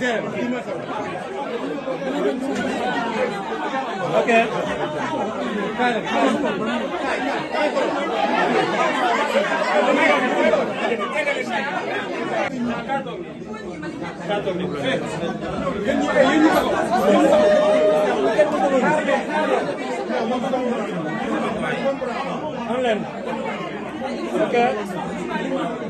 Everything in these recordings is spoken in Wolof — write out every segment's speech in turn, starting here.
Okay. Okay.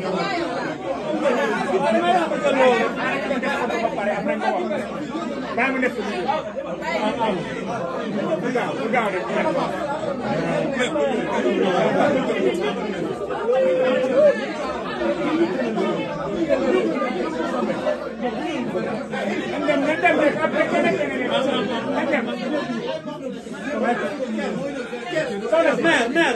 Mère, mère,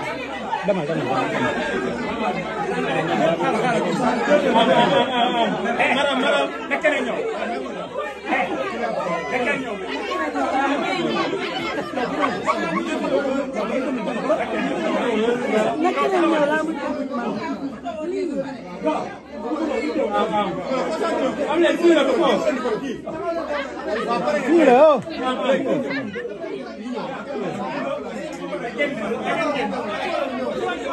demal demal maram maram na keneen ñëw na keneen ñëw na keneen ñëw laa mu am leen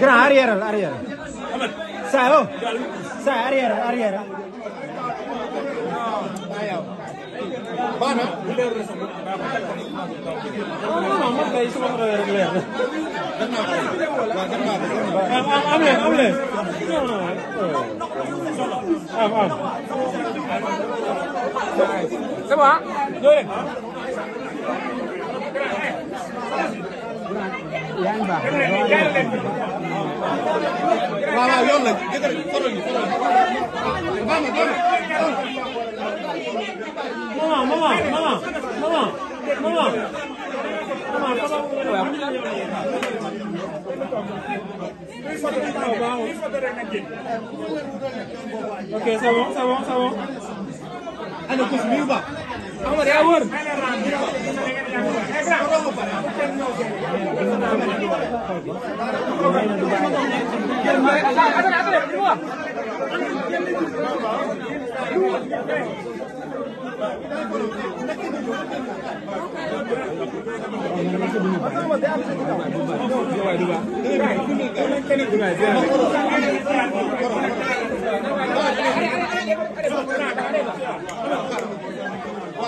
grand arrière arrière. Sao, oh. Sao arrière arrière. Baana. non man kay sama xarala rek leer na. am am am leen am leen. non non am am. c'est bon ah. ñoo leen. waaw waaw yoon la jëkkër xoolal ñu xoolal ñu maman maman maman maman maman ok c'est bon c'est bon c'est bon. Amar yaa wër.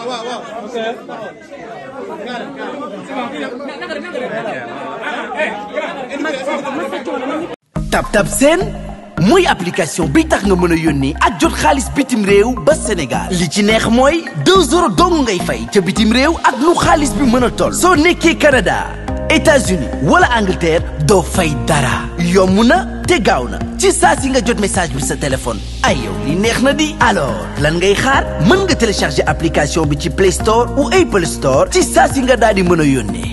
waaw waaw ok tab tab seen mooy application bi tax nga mën a yónnee ak jot xaalis bitim réew ba Sénégal li ci neex mooy 2 euros dong ngay fay ca bitim réew ak lu xaalis bi mën a toll soo nekkee Canada États-Unis wala Angleterre doo fay dara yomb na te gaaw na ci saa si nga jot message bi sa téléphone ay yow neex na di alors lan ngay xaar mën nga télécharger application bi ci Play Store ou Apple Store ci saa si nga daal di mën a yónnee